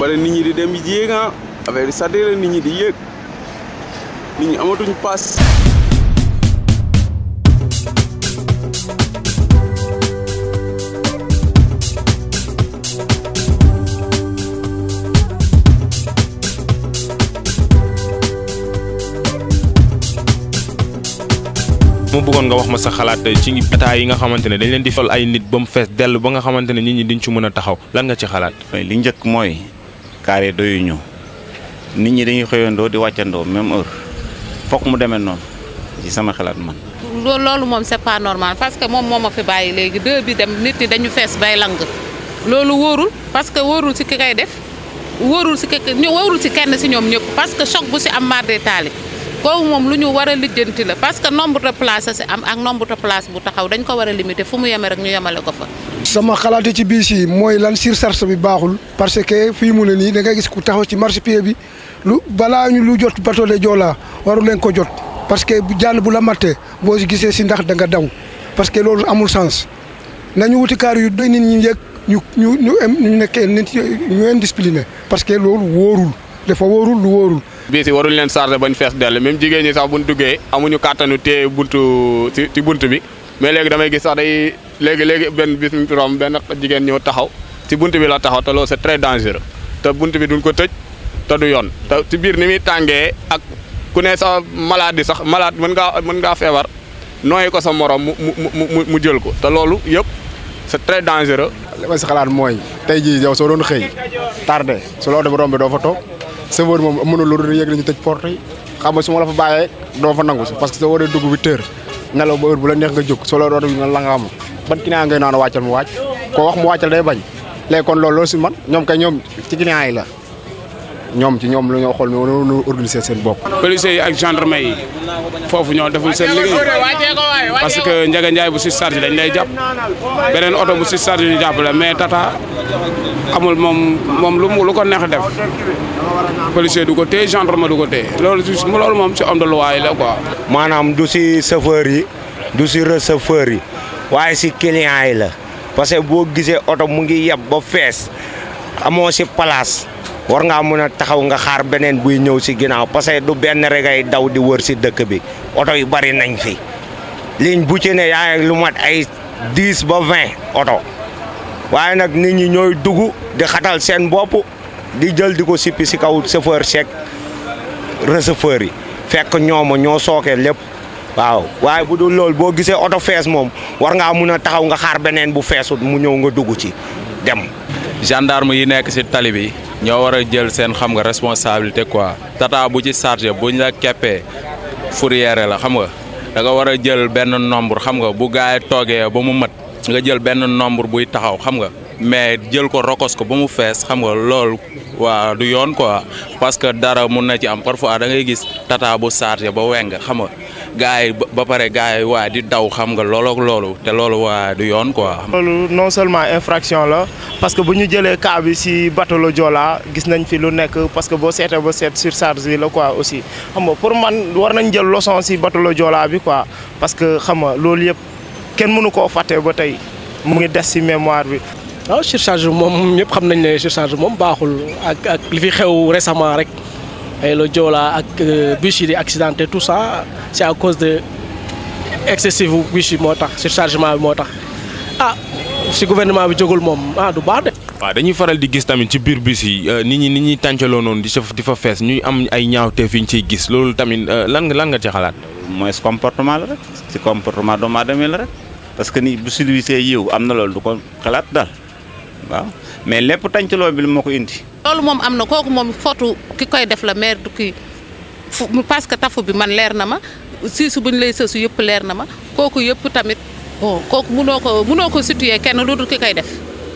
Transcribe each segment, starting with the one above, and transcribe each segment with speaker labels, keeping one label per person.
Speaker 1: bare nit ñi di dem yéega affaire yi sàddee la nit ñi di yéeg nit ñi amatuñ
Speaker 2: mu bëggoon nga wax ma sa xalaat ci état yi nga xamante ne dañ leen di fal ay nit ba mu
Speaker 3: fees dell ba nga xamante ne nit ñi diñ ci mën a taxaw lan nga ci xalaat. li njëkk mooy carré doyuñu nit ñi dañuy xëyandoo di wàccandoo même heure foog mu demee noon ci sama xalaat man.
Speaker 4: loolu moom c'est normal parce que moom moo ma fi bàyyi léegi deux bi dem nit ñi dañu fees bay lang loolu wóorul parce que wóorul si ki def wóorul si ki wóorul si kenn si ñoom ñëpp parce que choc bu si am maar de taali kooku moom lu ñu war a lijjanti la parce que nombre de place si am ak nombre de place bu taxaw dañ ko war a limiter fu mu yeme rek ñu yemale ko fa.
Speaker 5: sama xalaati ci biis yi mooy lan surcharge bi baaxul parce que fii mu ne nii da nga gis ku taxaw ci pied bi lu balaa ñu lu jot bateau de jola waru leen ko jot parce que jaan bu la mattee boo gisee si ndax da nga daw parce que loolu amul sens nañu wuti kaar yu doy nit ñi yëg ñu ñu ñu ñu nit ñu indiscipliné parce que loolu wóorul dafa wóorul lu wóorul.
Speaker 6: biis si waruñ leen chargé bañ fees dell même jigéen ñi sax buñ duggee amuñu kàttanu téye buntu ci bunt bi mais léegi damay gis sax day léegi léegi benn bis mu romb benn jigéen ñëw taxaw ci bunt bi la taxaw te loolu c'est très dangereux te bunt bi duñ ko tëj te du yoon te ci biir ni muy tàngee ak ku ne sa maladie sax malade mën ngaa mën ngaa feebar nooy ko sa morom mu mu mu jël ko te loolu yëpp c'est très dangereux.
Speaker 7: li ma si xalaat mooy te jii yow soo doon xëy tardé su la oto bi romb doo chauffeur mom amono lu yëg lañu tej porte xam nga suma la fa baye do fa nangu si parce que sa waree dugg huit heures nelaw ba heure bu la neex nga jog soo la roota bi la nga am ban kina ngay nana waccal mu wacc ko wax mu waccal day bañ léegi kon loolu loolu si man ñoom kay ñom ci kina ay la ñom ci ñom lu ñu xol no organiser seen bopp.
Speaker 8: police yi ak gendarme yi fofu ñoo deful seen ligue
Speaker 9: parce que
Speaker 7: Ndiaga Ndiaye bu ci charge dañ lay japp
Speaker 9: benen
Speaker 8: auto bu ci charge ñu japp la mais Tata amul mom mom lu mu lu ko neex def policier du ko téye gendarme du ko lolou loolu si loolu moom si homme de loi yi la quoi.
Speaker 10: manam du ci chauffeur yi du ci receveur yi waye ci client yi la parce que bo gisé auto mu ngi yeb ba fess amo ci place war nga mëna taxaw nga xaar benen buy ñëw ci ginaaw parce que du ben regay daw di wër ci dëkk bi auto yu bari nañ fi liñ bu ci ne yaay lu mat ay 10 ba 20 auto waaye nag nit ñi ñooy dugg di xatal seen bopp di jël di ko sippi si kaw chauffeur chek receveur yi fekk ñooma ñoo sookee lépp waaw waaye bu dul loolu boo gisee oto fees moom war ngaa mun a taxaw nga xaar beneen bu feesut mu ñëw nga dugg ci
Speaker 1: dem. gendarme yi nekk si tali bi ñoo war a jël seen xam nga responsabilité quoi tata bu ci chargé ñu la keppee fourrière la xam nga da nga war a jël benn nombre xam nga bu gaay toogee ba mu mat. nga jël benn nombre buy taxaw xam nga mais jël ko rokos ko ba mu fees xam nga loolu waa du yoon quoi parce que dara mun na ci am parfois da gis tata bu chargé ba weng xam nga gars yi ba pare gars yi waa di daw xam nga loolu ak loolu te loolu waa du yoon quoi.
Speaker 9: loolu non seulement infraction la parce que bu ñu jëlee cas bi si bateau le gis nañ fi lu nekk parce que boo seetee ba seet sur surcharge yi la quoi aussi xam nga pour man war nañ jël leçon si bateau le Joola bi quoi parce que xam nga loolu yëpp. kenn mënu koo fàtte ba tey mu ngi des ci mémoire bi. waaw ah, surcharge bi moom ñëpp xam nañ ne surcharge bi moom baaxul ak ak li fi xew récemment rek ay la Joola ak euh, bus yi di accidenté tout ça c'est à cause de excessif bus yi moo tax surchargement bi moo tax ah si gouvernement bi jógul moom ah du baax de.
Speaker 2: waaw dañuy faral di gis tamit ci biir bus yi euh, nit ñi nit ñi tàncaloo noonu di fa di fa fees ñuy am ay ñaawteef yu ñu ciy gis loolu tamit euh, lan nga lan nga ci xalaat. mooy
Speaker 3: comportement la rek ci comportement doomu aadama la rek parce que nii bu civilisé yiw am na loolu du ko xalaat daal waaw mais lépp tàncaloo bi moo ko indi.
Speaker 4: loolu moom am na kooku moom footu ki koy def la maire du kii fu parce que tafu bi man leer na ma siisu bu ñu lay sësu yëpp leer na ma kooku yëpp tamit bon kooku mënoo ko mënoo ko situer kenn lu dul ki koy def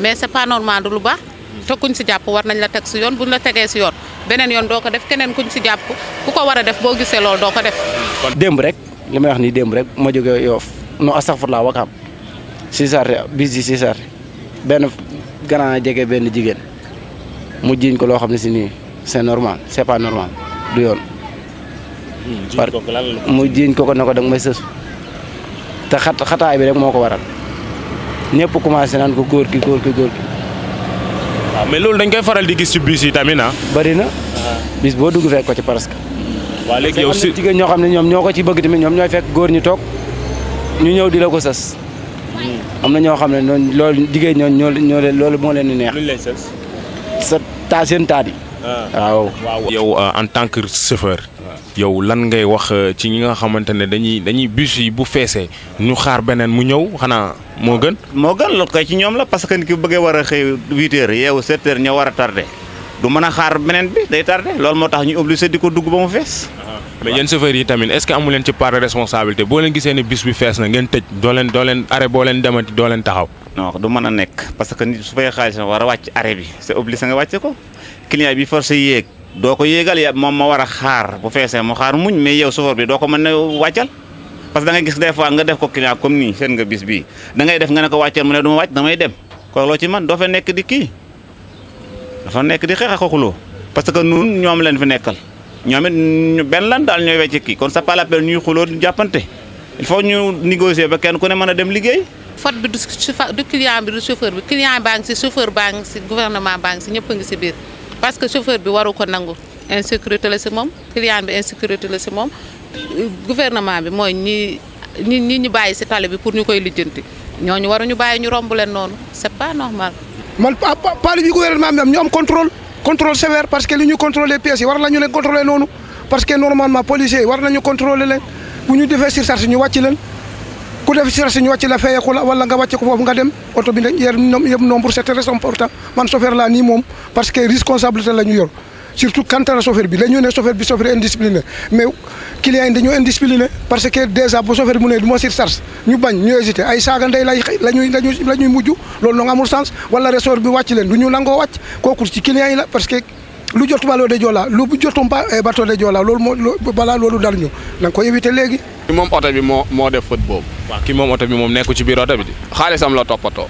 Speaker 4: mais c'est pas du lu baax. te kuñ si jàpp war nañ la tek si yoon buñ la tege si yoon benen yoon do ko def keneen kuñ si japp ku ko wara def bo gisee lol do ko def.
Speaker 9: demb rek limay wax ni demb rek ma joge yoof no astaghfirullah wakam si sarte bis di si sarte benn grand jege ben jigéen mu jiiñ ko lo xamni ci ni c'est normal c'est pas normal du yoon.
Speaker 1: Hmm, mu
Speaker 9: jiiñ ko ko nako dag may sësu te xat xataay bi rek moko waral ñepp commencé
Speaker 8: nan ko gor ki gor ki gor ki.
Speaker 9: waaw mais loolu dañ koy faral di gis ci bis yi tamit na ah. bëri na bis boo dugg fekk ko ci presque. waaw léegi yow si jigéen ñoo xam ne ñoom ñoo ko ci bëgg tamit ñoom ñooy fekk góor ñu toog ñu ñëw di la ko sas hmm. am na ñoo xam ne noonu loolu jigéen ñoo ñoo ñoo leen loolu moo leen di neex. sa taa seen taat yi.
Speaker 2: waaw yow euh, en tant que chauffeur yow lan ngay wax euh, ci ñi nga xamante dañuy dañuy bus yi bu feesee ñu xaar beneen mu ñëw xanaa moo gën
Speaker 3: moo gën la koy ci ñoom la parce que ki bëggee war a xëy huit heures yeewu sept heures ñoo war a tardé du mën a xaar beneen bi day tardé loolu moo tax ñu obligé di ko dugg ba mu fees
Speaker 2: mais yéen chauffeur yi tamit est ce que amu leen ci part de responsabilité boo leen gisee ne bis bi fees na ngeen tëj doo leen doo leen arrêt boo leen demati doo leen taxaw non du
Speaker 3: mën a parce que nit su fay xaalis war a wàcc arrêt bi c'est obligé nga wàcce ko client bi forcé yek doko yegal ya mom ma wara xaar bu fessé mo xaar muñ mais yow sofor bi doko man waccal parce que da ngay gis des fois nga def ko client comme ni sen nga bis bi da ngay def nga nako waccal mu ne duma wacc damay dem ko lo ci man do fa nek di ki da fa nek di xexa ak parce que nun ñom leen fi nekkal ñom ben lan dal ñoy wecc ki kon sa pas l'appel peine ñuy xuloo jàppante il faut ñu négocier ba kenn ku ne mën dem liggéey
Speaker 4: fat bi du client bi du chauffeur bi client bang ci chauffeur bang ci gouvernement bang ci ñepp nga ci biir parce que chauffeur bi waru ko nangu insécurité la si moom client bi insécurité la si moom gouvernement bi mooy ñi ñi ñi ñu bàyyi si tali bi pour ñu koy lijjanti ñooñu waruñu bàyyi ñu romb leen noonu c'est pas normal.
Speaker 5: man pali bi gouvernement bi am ñu am contrôle contrôle sévère parce que li ñu contrôler pièces yi war nañu leen contrôler noonu parce que normalement policiers yi war nañu contrôler leen bu ñu defee surcharge ñu wàcc leen. ku def si vous la la wala nga vous ko nga dem nombre très important man parce que responsabilité la ñu yor surtout quand la chauffeur bi lañu ne chauffeur bi chauffeur indiscipliné mais client yi indiscipliné parce que déjà bu chauffeur mu ne du avez ñu bañ ñu hésité ay saga ndey lay avez la amul sens wala avez bi la len ci client la parce que lu jot Balo de Joola lu jotum ba eh, bateau de Joola loolu moo balaa loolu dal ñu na nga ko éviter léegi.
Speaker 6: ki moom oto bi moo moo def fët boobu. waaw ki moom oto bi moom nekku ci biir oto bi. xaalisam la toppatoo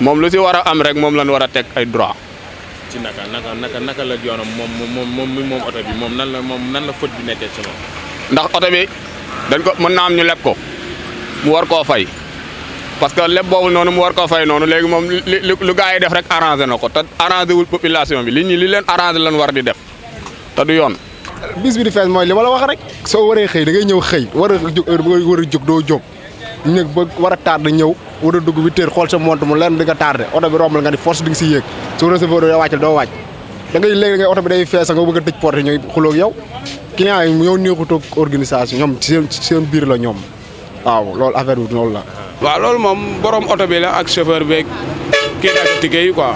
Speaker 6: moom lu ci war a am rek moom lañ war a teg ay droit.
Speaker 2: ci naka naka naka naka la yoonam moom moom moom moom oto bi moom nan la moom nan la fët bi nekkee ci moom.
Speaker 6: ndax oto bi dañ ko mën naa am ñu leb ko mu war koo fay. parce que lépp boobu noonu mu war ko fay noonu léegi moom li lu gars yi def rek arrangé na ko te arrangé wul bi li ñi li leen arrangé lan war di def te du yoon.
Speaker 7: bis fees mooy li ma la wax rek soo waree xëy da ngay ñëw xëy war a jóg heure war a jóg doo jóg ba war a tardé ñëw war a dugg huit heures xool sa montre mu leer di nga tardé oto bi romb la nga di force di nga siy yéeg soo receveur doo wàccal doo wàcc da ngay léegi oto bi day fees nga bëgg a tëj porte ñooy xulóog yow client yi yow ñoom seen seen biir la ñoom waaw loolu affaire bi loolu la
Speaker 8: wa lol mom borom auto bi la ak chauffeur bi ki da ci tigay quoi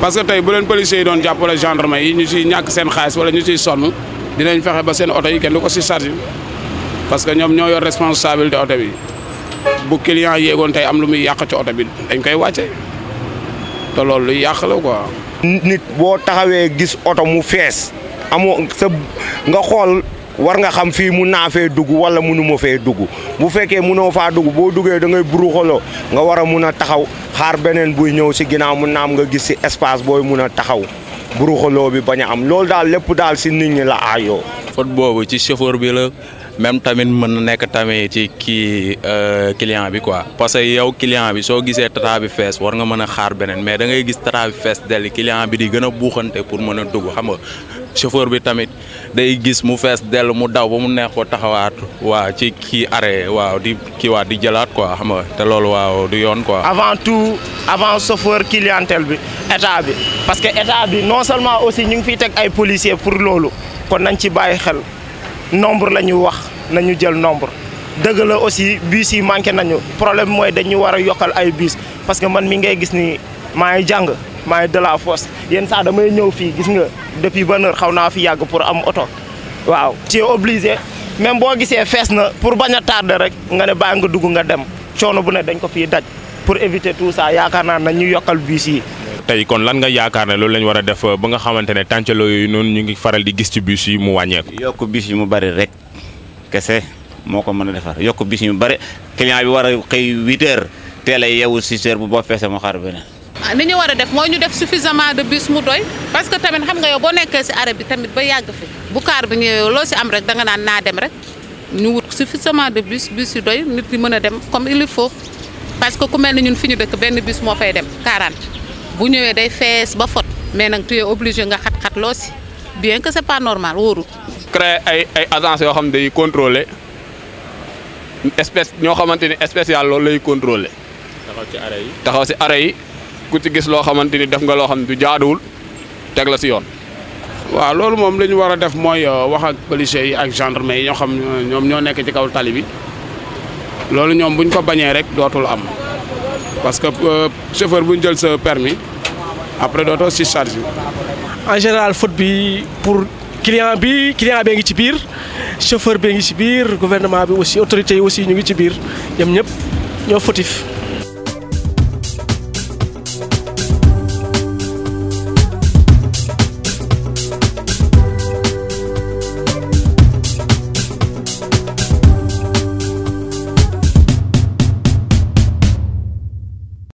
Speaker 8: parce que tay bu len police yi doon jàppale gendarme yi ñu ci ñak seen xaliss wala ñu ci sonu dinañ fexé ba seen auto yi kenn du ko si chargé parce que ñom ñoo yor responsabilité auto bi bu client yéegoon tay am lu muy yàq ci auto bi dañ koy wàcce to lol lu yàq la quoi.
Speaker 10: nit bo taxawé gis auto mu fess amo nga xol war nga xam fii mun naa fee dugg wala munuma fee dugg bu fekkee mu noo faa dugg boo duggee da ngay buruxaloo nga war a mun a taxaw xaar beneen buy ñëw si ginnaaw mun naa am nga gis si espace booy mun a taxaw buruxaloo bi bañ a am loolu daal lépp daal si nit ñi la aayoo. faute boobu
Speaker 1: ci chauffeur bi la. même tamit mën na nekk tamit ci kii euh, client bi quoi parce que yow client bi soo gisee tata bi fees war nga mën a xaar beneen mais da ngay gis tata bi fees delli client bi di gën a buuxante pour mën a dugg xam nga chauffeur bi tamit day gis mu fees dell mu daw ba mu neex ko taxawaat waaw ci kii arrêt waaw di kiiwaat di jëlaat quoi xam nga te loolu waaw du yoon quoi.
Speaker 9: avant tout avant chauffeur clientèle bi état bi parce que état bi non seulement aussi ñu ngi fiy teg ay policiers pour loolu kon nañ ci bàyyi xel. nombre la wax nañu jël nombre deug la aussi bus yi manké nañu problème moy dañu wara yokal ay bus parce que man mi ngay gis ni maa jang jàng de la force yeen sa damay ñëw fi gis nga depuis bonne heure xawna fi yag pour am oto waaw ci obligé même bo gisé fess na pour baña tarder rek nga ne ba nga dugg nga dem choono bu ne dañ ko fi daj pour éviter tout ça yaakaar na yokal bus yi
Speaker 2: tey kon lan nga yaakaar ne loolu la war a def ba nga xamante ne tàncaloo yooyu noonu ñu ngi faral di gis ci bus yi mu wàññeeku. yokk bus yi mu bare rek
Speaker 3: kese moo ko mën a defar yokk bus yu bari client bi war a xëy 8 heures teel a yeewu 6 bu boo feesee mu xaar beneen.
Speaker 4: li ah, ñu war a def moo ñu def suffisamment de bus mu doy parce tamit xam nga yow boo nekkee si arrêt bi ba yàgg bu kaar bi ñëwee loo si am rek danga naan naa rek ñu wut suffisamment de bus bus yu doy nit ñi mën a dem comme il faut parce que ku mel ni ñun fi ñu dëkk benn bus moo fay dem 40. bu ñëwé day fess ba fot mais nak tu es obligé nga xat xat loosi bien que c'est pas normal woru
Speaker 6: créer ay ay agence yo xam day contrôler espèce ño xamanteni spécial lool lay contrôler.
Speaker 8: taxaw ci arrêt yi
Speaker 6: taxaw ci arrêt yi ku ci gis lo xamanteni def nga lo xam du jaadul teg
Speaker 8: la ci yoon. wa lool mom lañu wara def moy euh, wax ak police yi ak gendarmerie ño xam ñom ño nekk ci kaw tali bi loolu ñoom buñ ko bañé rek dootul am. parce que euh, chauffeur bu ñu jël sa permis après dootoo si charge
Speaker 9: en général faut bi pour client bi client bee ngi ci biir chauffeur bee ngi ci biir gouvernement bi aussi autorité yi aussi ñu ngi ci biir ñoom ñëpp ñoo fautif